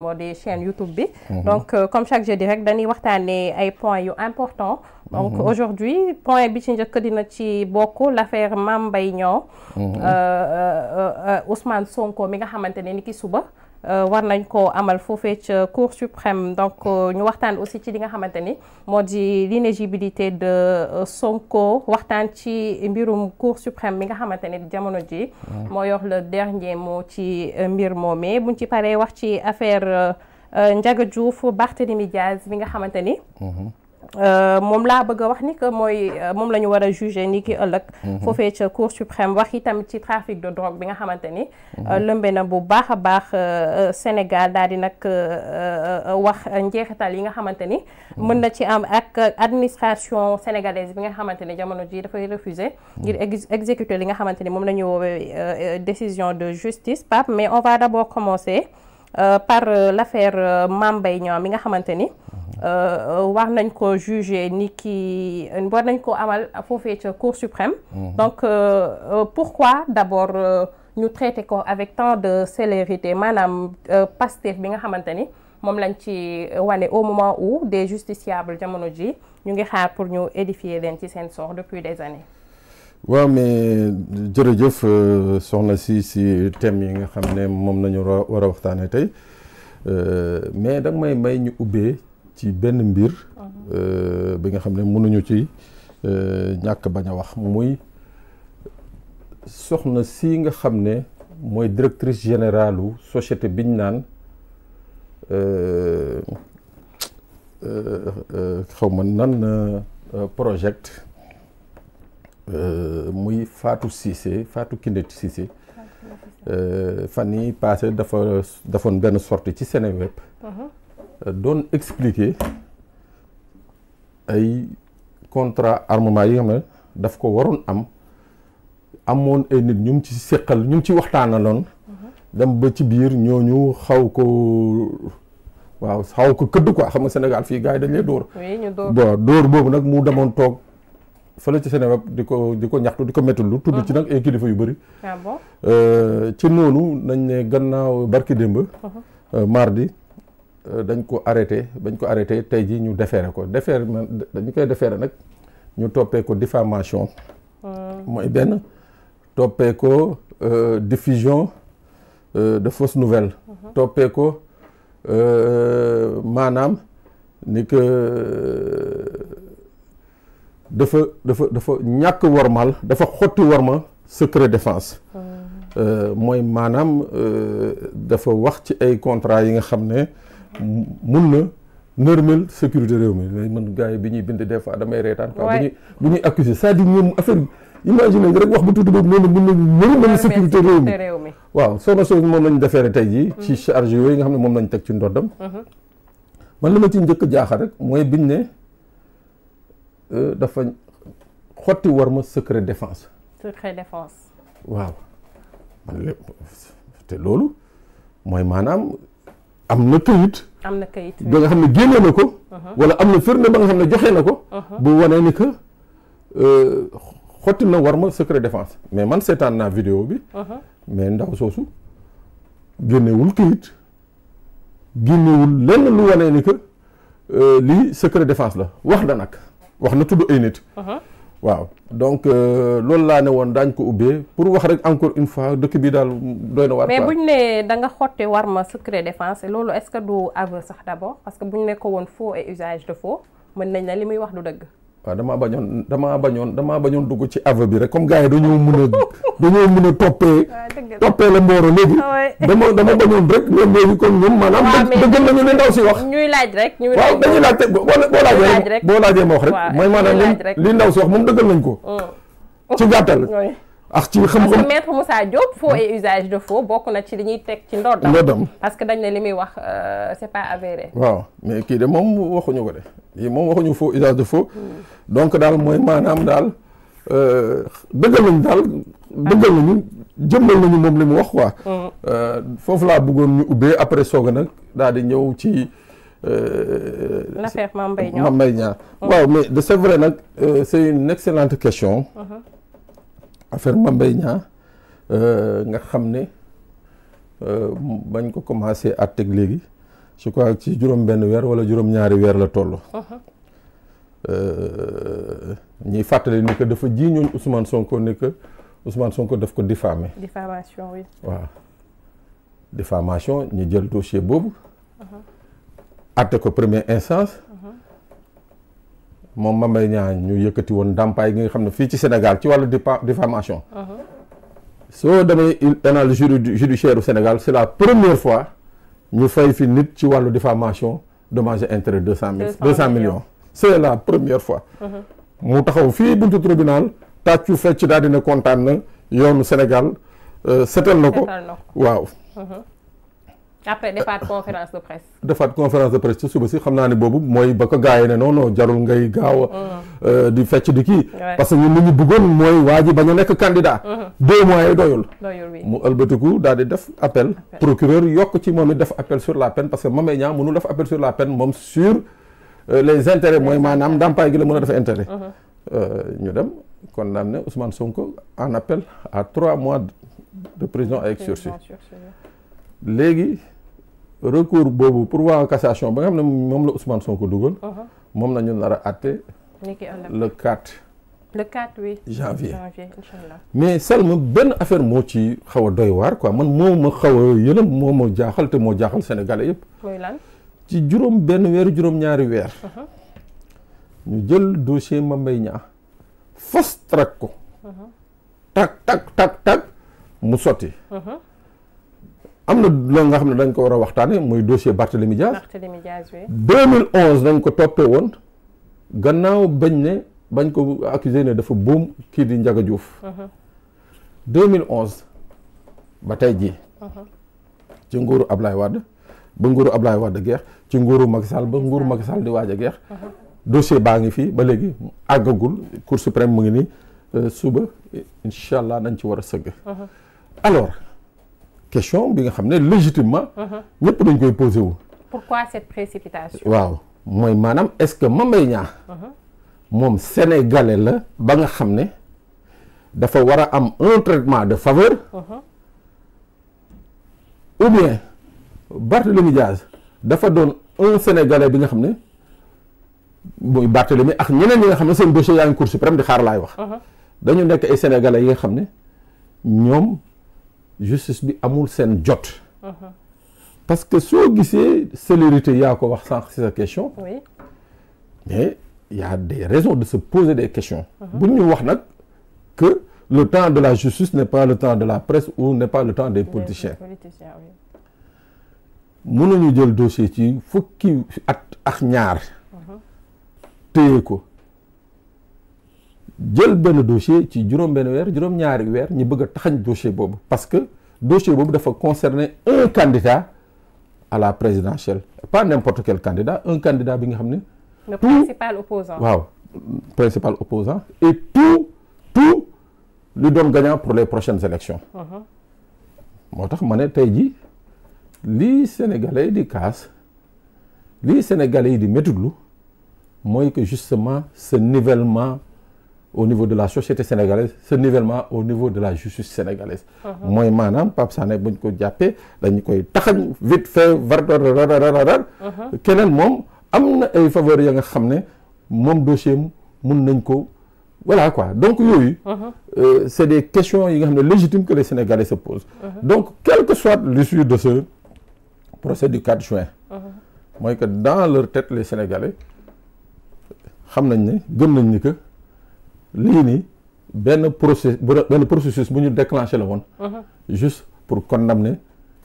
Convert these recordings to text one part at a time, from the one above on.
moo di chaîne YouTube bi. Mhm. donc euh, comme chaque jeudi rek dañuy waxtaanee ay point yu important donc mmh. aujourd'hui point bi ci njëkk dina ci bokk l'affaire Mame Mbaye Niang. Mhm. Euh, euh, Ousmane Sonko mi nga xamante ne ni ki suba. Euh, war nañ ko amal foofee ca cour suprême donc euh, ñu waxtaan aussi ci li nga xamante ni moo di l'inéligibilité de euh, Sonko waxtaan ci mbirum cour suprême mi nga xamante ni jamono ji mm. moo yor le dernier moo ci mbir moomee buñ ci paree wax ci affaire Ndiaga Diouf Barthélémy Diaz bi nga xamante ni mm-hmm. Euh, moom laa bëgg a wax ni que mooy euh, moom la ñu war a jugé ni ki ëllëg mhm. foofee ca cour suprême wax itam ci trafic de drogue bi nga xamante ni mhm. euh, lëmbe na bu baax a baax Sénégal daal di nag wax njeexital yi nga xamante ni mhm. mën na ci am ak administration sénégalaise bi nga xamante ni jamono ji dafay refuser ngir exécuter li nga xamante ni moom la ñu woowee décision de justice Pape mais on va d'abord commencer par l'affaire Mame Mbaye Niang mi nga xamante ni Euh, war nañ ko juger ni ki war nañ ko amal foofee ca cour suprême mhm. donc euh, euh, pourquoi d'abord ñu traité ko avec tant de célérité maanaam Pastef bi nga xamante ni moom lañ ci wane au moment où des justiciables jamono ji ñu ngi xaar pour ñu édifier leen ci seen sort depuis des années waaw mais jërëjëf soxna si si thème yi nga xam ne moom nañu war a waxtaanee tey mais danga may ñu ubbee ci benn mbir mhm. euh, bi nga xam ne mënuñu ci euh, ñàkk bañ a wax muy soxna si nga xam ne mooy directrice générale u société biñ naan euh, xaw ma nan project muy faatu Cissé faatu Kinde Cissé fan yi passé dafa dafoon benn sorti ci Seneweb mhm. doon expliquer ay contrat armement yi xam ne daf ko waroon am amoon ay nit ñu ci seqal ñu ci waxtaanaloon dem ba ci biir ñu xaw ko waaw xaw ko këdd quoi xam nga Sénégal fii gaa yi dañ lay dóor. bon dóor boobu nag mu demoon toog fële ci Sénégal di ko di ko ñaxtu di ko métti lu tudd ci mhm. nag ay kilifa yu bëri. Ah euh, ci noonu nañ ne gannaaw barki démb. Mhm. Euh, mardi. Euh, dañ ko arrêté bañ ko arrêté tey jii ñu defeere ko defeere ma dañu koy defeere nag ñu toppee ko diffamation mooy benn toppee ko euh, diffusion euh, de fausses nouvelles uh-huh. toppee ko maanaam ni que dafa dafa dafa ñàkk wormal dafa xotti worma secret défense mooy maanaam dafa wax ci ay contrat yi nga xam ne mun na normal sécurité réew mi mais man gars bi ñuy bind des fois damay reetaan quoi bu ñuy bu ñuy accuser c'est-à-dire ñoom affaire imagine rek wax bu tudd boobu noonu mun na normal sécurité réew mi waaw soo na soo moom lañ defeere tey jii ci mhm. charge yooyu nga xam ne moom lañ teg ci ndoddam mhm. man li ma ci njëkk jaaxal rek mooy biñ ne euh, dafa xotti war ma secret défense waaw man lépp te loolu mooy maanaam am na këyit. am na këyit ba nga xam ne génnee na ko. Mhm. wala am na firnde ba nga xam ne joxee na ko. Mhm. bu wanee ni que euh, xotti na war ma secret défense mais man seetaan naa vidéo bi. Mhm. mais ndaw soosu génnewul këyit génnewul lenn lu wanee ni que euh, lii secret defence la wax na nag wax na tudd ay nit. waaw donc euh, loolu laa ne woon daañ ko ubbee pour wax rek encore une fois dëkk bi daal doy na waar mais buñ ne da nga xotti war ma secret défense loolu est-ce que du aveu sax d'abord parce que buñ ne ko woon faux et usage de faux mën nañ la li muy wax du dëgg waaw damaa bañoon damaa bañoon damaa bañoon dugg ci ave bi rek comme gars yi dañoo mën a dañoo mën a toppee toppee la mbooro léegi dama dama bañoon rek ñoom léegi comme ñoom maanaam dëgg nañu li ndaw si wax ñuy dañuy laaj boo laajee boo wax rek mooy maanaam li ndaw si wax moom dëggal nañ ko mm. ci gàttal ak ci xam-xam parce que saa Moussa Diop faux usage de faux bokk na ci li ñuy teg ci ndoddam ndoddam parce que dañ ne li muy wax euh, c'est pas avéré. waaw mais kii de moom waxuñu ko de kii moom waxuñu faux usage de faux. Hmm. donc daal mooy maanaam daal euh, dëggal nañu daal dëggal nañu jëmmal nañu moom li mu wax quoi. Hmm. Euh, foofu laa bëggoon ñu ubbee après soog a nag daal di ñëw ci. l'affaire Mame Mbaye Niang hmm. waaw mais de c'est nag c'est une excellente question. Uh-huh. affaire Mame Mbaye Niang euh, nga xam ne euh, bañ ko commencé àtteeg léegi je crois ci juróom-benn weer wala juróom-ñaari weer la toll. Euh, ñuy fàttali ni que dafa jiiñoon Ousmane Sonko ne que Ousmane Sonko daf ko diffamé. diffamation oui. waaw diffamation ñu jël dossier boobu. àtte ko première instance. moom Mame Mbaye Niang ñu yëkkati woon ndàmpaay gi nga xam ne fii ci Sénégal ci wàllu diffamation uh-huh. soo demee analyse judiciaire u Sénégal c'est la première fois ñu fay fi nit ci wàllu diffamation dommage intérêt deux cent mille deux cent millions c'est la première fois uh-huh. mu taxaw fii buntu tribunal tàccu fecc daal dina kontaan na yoonu Sénégal euh, setal na ko waaw uh-huh. après defaat conférence de presse. suba si xam naa ne boobu mooy ba ko gars yi ne non jarul ngay gaaw mm. euh, di fecc di kii. parce que ñun li ñu bëggoon mooy waa ji bañ a nekk candidat. Mm-hmm. deux mois yi doyul. mu ëlbatiku daal di def appel. procureur yokk ci moom it def appel sur la peine parce que Mame Mbaye Niang mënul def appel sur la peine moom sur euh, les intérêts mooy maanaam ndàmpaay gi la mën a def intérêt. Mm-hmm. Euh, ñu dem kon condamné Ousmane sunk en appel à trois mois de prison avec sursis. léegi recours boobu pour en cassation ba nga xam ne moom la Ousmane Sonko dugal. Uh-huh. moom la ñu nar a àtte. le 4. le 4 oui. janvier janvier incha allah. mais Salma benn affaire moo ci xaw a ko man moo ma xaw a yëlëm moo ma jaaxal te moo jaaxal Sénégalais yëpp. mooy lan. ci juróom benn weer juróom ñaari weer. ñu jël dossier Mame ñaa Niang fast track ko. Uh-huh. tak tak tak tak mu sotti. Uh-huh. am na loo nga xam ne dañ ko war a waxtaane muy dossier Barthélémy Diaz. Barthélémy Diaz oui. 2011 dañ ko toppee woon gannaaw bañ ne bañ ko accusé ne dafa buum kii di Ndiaga Diouf. 2011 mhm. ba tey jii. Mhm. ci nguuru Ablaye Wade ba nguuru Ablaye Wade geex ci nguuru Macky Sall ba nguuru Macky Sall di waaj geex. Mhm. dossier baa ngi fii ba léegi àggagul Cour suprême mu ngi nii euh, suba incha allah nañ ci war a sëgg. question bi nga xam ne légitimement. ñëpp dañ koy posé wu. pourquoi cette précipitation. waaw mooy maanaam est-ce que Mame Mbaye Niang. Uh-huh. moom sénégalais la ba nga xam ne dafa war a am un traitement de faveur. Uh-huh. ou bien Barthélémy Diaz dafa doon un sénégalais bi nga xam ne mooy Barthélémy ak ñeneen ñi nga xam ne seen dossier yaa ngi cour suprême di xaar laay wax. Uh-huh. dañu nekk ay sénégalais yi nga xam ne ñoom. justice bi amul seen jot uh-huh. parce que soo gisee célérité yaa ko wax sànq si sa question mais y a des raisons de se poser des questions uh-huh. bu ñu wax nag que le temps de la justice ne pas le temps de la presse ou n'est pas le temps des politiciens mënuñu jël dossier ci fukki at ak ñaar uh-huh. téye ko jël benn dossier ci juróom benn weer juróom ñaari weer ñu bëgg tax taxañ boobu parce que dossier boobu dafa concerner un candidat a la présidentielle pas n'importe quel candidat un candidat bi nga xam ne le principal opposant waaw principal opposant et tout tout lu doon gagnant pour les prochaines élections mhm. moo tax ma ne tey ji lii sénégalais yi di kaas lii sénégalais yi di métitlu mooy que justement ce nivellement au niveau de la société sénégalaise ce nivellement au niveau de la justice sénégalaise uh-huh. mooy maanaam Pape Sané buñ ko jàppee dañu koy taxañ vite fait varrararar uh-huh. keneen moom am na ay faveur ya nga xam ne moom dossier mu mun nañ ko voilà quoi donc yooyu uh-huh. euh, c'est des question yi nga xam ne légitimes que les Sénégalais se posent donc quelle que soit l'issue de ce procès du quatre juin mooy que dans leur tête les Sénégalais xam nañ ne gëm nañ ni que lii nii benn process benn processus bu ñu déclenché la woon. Mhm. juste pour condamner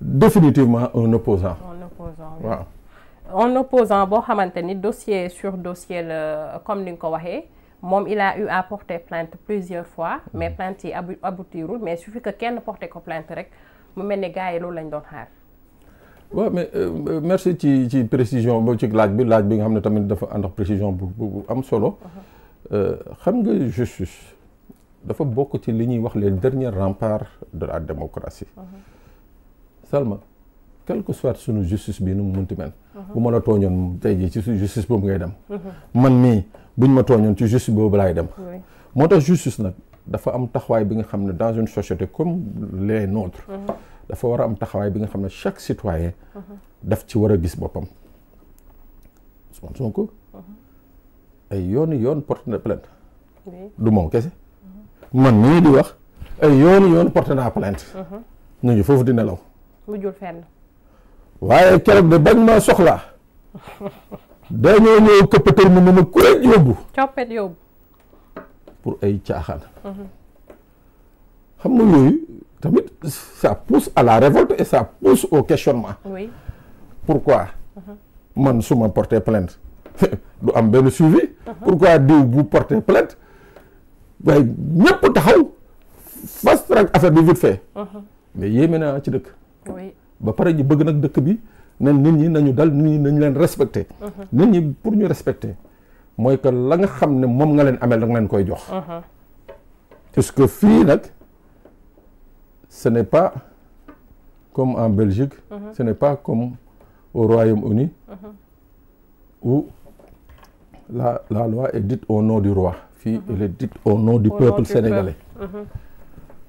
définitivement un opposant un opposant waaw. un opposant boo xamante ni dossier sur dossier la comme ni nga ko waxee moom il eu à porter plainte plusieurs fois mhm. mais plainte yi aboutirul mais suffit que kenn porté ko plainte rek mu mel ni gars yi lañ doon xaar. waaw mais euh, merci ci ci précision boo ci laaj bi laaj bi nga xam ne tamit dafa ànd ak précision bu bu am solo. Mhm. Euh, xam nga justice dafa bokk ci li ñuy wax les derniers remparts de la démocratie mhm. seulement quel que soit suñu justice bi nu mu munti mel mhm. bu ma la tooñoon tey jii ci justice boobu ngay dem mhm. man mii buñ ma tooñoon ci justice boobu laay dem moo tax justice nag dafa am taxawaay bi nga xam ne dans une société comme les nôtres dafa war a am taxawaay bi nga xam ne chaque citoyen daf ci war a gis boppam ay yoonu yoon porte na plainte du moom kese man mii di wax ay yoonu yoon porte naa plainte mhm. ñu ngi foofu di nelaw waaye keroog de bañ ma soxlaa dañoo ñëw këppatal mu ne ma kuréet yóbbu coppet yóbbu pour ay caaxaan mhm. xam nga yooyu tamit ça pousse à la révolte et ça pousse au questionnement pourquoi mhm. man su ma porté du am benn suivi. Uh-huh. pourquoi diw bu porter plainte waaye ñëpp taxaw fast track affaire bi vite fait. Uh-huh. mais yéeme naa ci dëkk. ba pare ñu bëgg nag dëkk bi nan nit ñi nañu dal nit ñi nañu leen respecté. Uh-huh. nit ñi pour ñu respecté mooy que la nga xam ne moom nga leen amee da nga leen koy jox. parce que fii nag ce n'est pas comme en Belgique. ce n'est pas comme au Royaume-Uni. ou la la loi est dite au nom du roi. fii mhm. elle est au nom du peuple sénégalais. Mhm.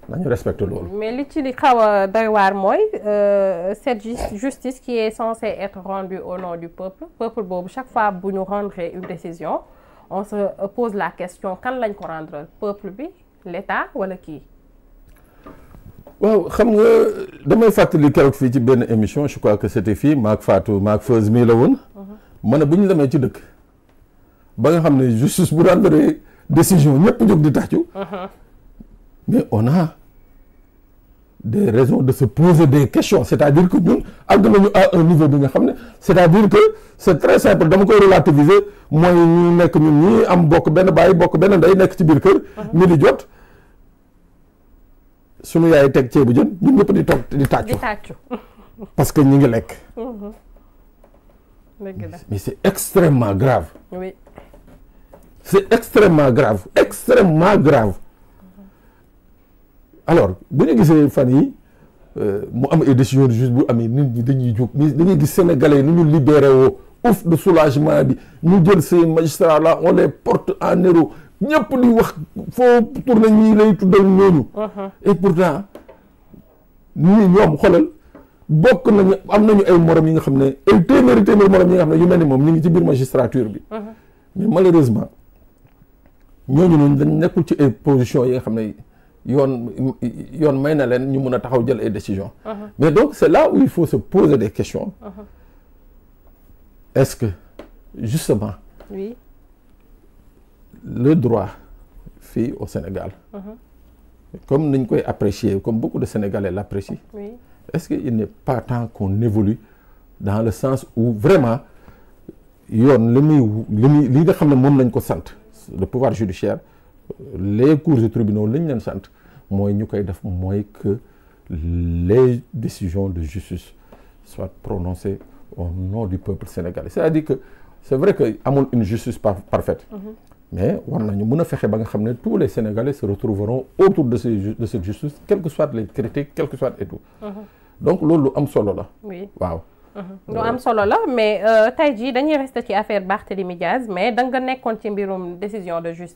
nañu respecté loolu. mais li ci li xaw a doy mooy euh, cette justice qui est censée être rendue au nom du peuple peuple boobu chaque fois bu ñu rendre une décision on se pose la question kan lañ ko rendre peuple bi l'État wala kii. waaw xam nga damay fàttali keroog fii ci benn émission je crois que c'était fii maak Fatou maak Feuz mii la woon. Mhm. ma ne bu ñu demee ci dëkk. ba nga xam ne justice bu rendre décision ñëpp jóg di tàccu uh-huh. mais on a des de se poser des questions c'est-à-dire que ñun àgg nañu à un niveau bi nga xam ne c'est-à-dire que c'est très simple dama koy relativiser mooy ñu nekk ñun ñi am bokk benn bàyyi bokk benn ndey nekk ci biir kër mi uh-huh. di jot suñu yaay teg ceebu jën ñun ñëpp di toog di tàccu parce que ñi ngi lekk uh-huh. mais c'est extrêmement grave c'est extrêmement grave extrêmement grave alors bu ñu gisee fan yi euh, mu am ay décision de juge bu amee nit ñi dañuy jóg mais dañuy gis sénégalais nu ñu libéré woo ouf de soulagement bi ñu jël ces magistrats là on les porte en héros ñëpp di wax foo tourné ñii lay tuddal ñooñu uh-huh. et pourtant ñii ñoom xoolal bokk nañu am nañu ay morom yi nga xam ne ay téeméeri téeméeri morom yi nga xam ne yu mel ni moom ñu ngi ci biir magistrature bi uh-huh. mais malheureusement ñoo noonu dañ nekkul ci ay position yi nga xam ne yoon yoon may na leen ñu mun a taxaw jël ay décisions. Uh-huh. mais donc c' est là où il faut se poser des questions. Uh-huh. est ce que justement. oui le droit fii au Sénégal. Uh-huh. comme nañ koy apprécier comme beaucoup de Sénégalais l' est ce que il n' est pas temps qu' évolue dans le sens où vraiment yoon li muy li muy li nga xam ne moom lañ ko sant. le pouvoir judiciaire les cours de tribunaux la ñu leen sant mooy ñu koy def mooy que les décisions de justice soit prononcées au nom du peuple sénégalais c'est-à-dire que c'est vrai que amul une justice parfaite mhm. mais war nañu mun a fexe ba nga xam ne tous les sénégalais se retrouveront autour de ces de cette justice quelles que soient les critiques quelles que soient et mhm. donc loolu lu am solo la waaw lu am solo la mais euh, tey jii dañuy rester ci affaire Barthélémy Diaz mais da nga nekkoon ci mbirum décision de justice.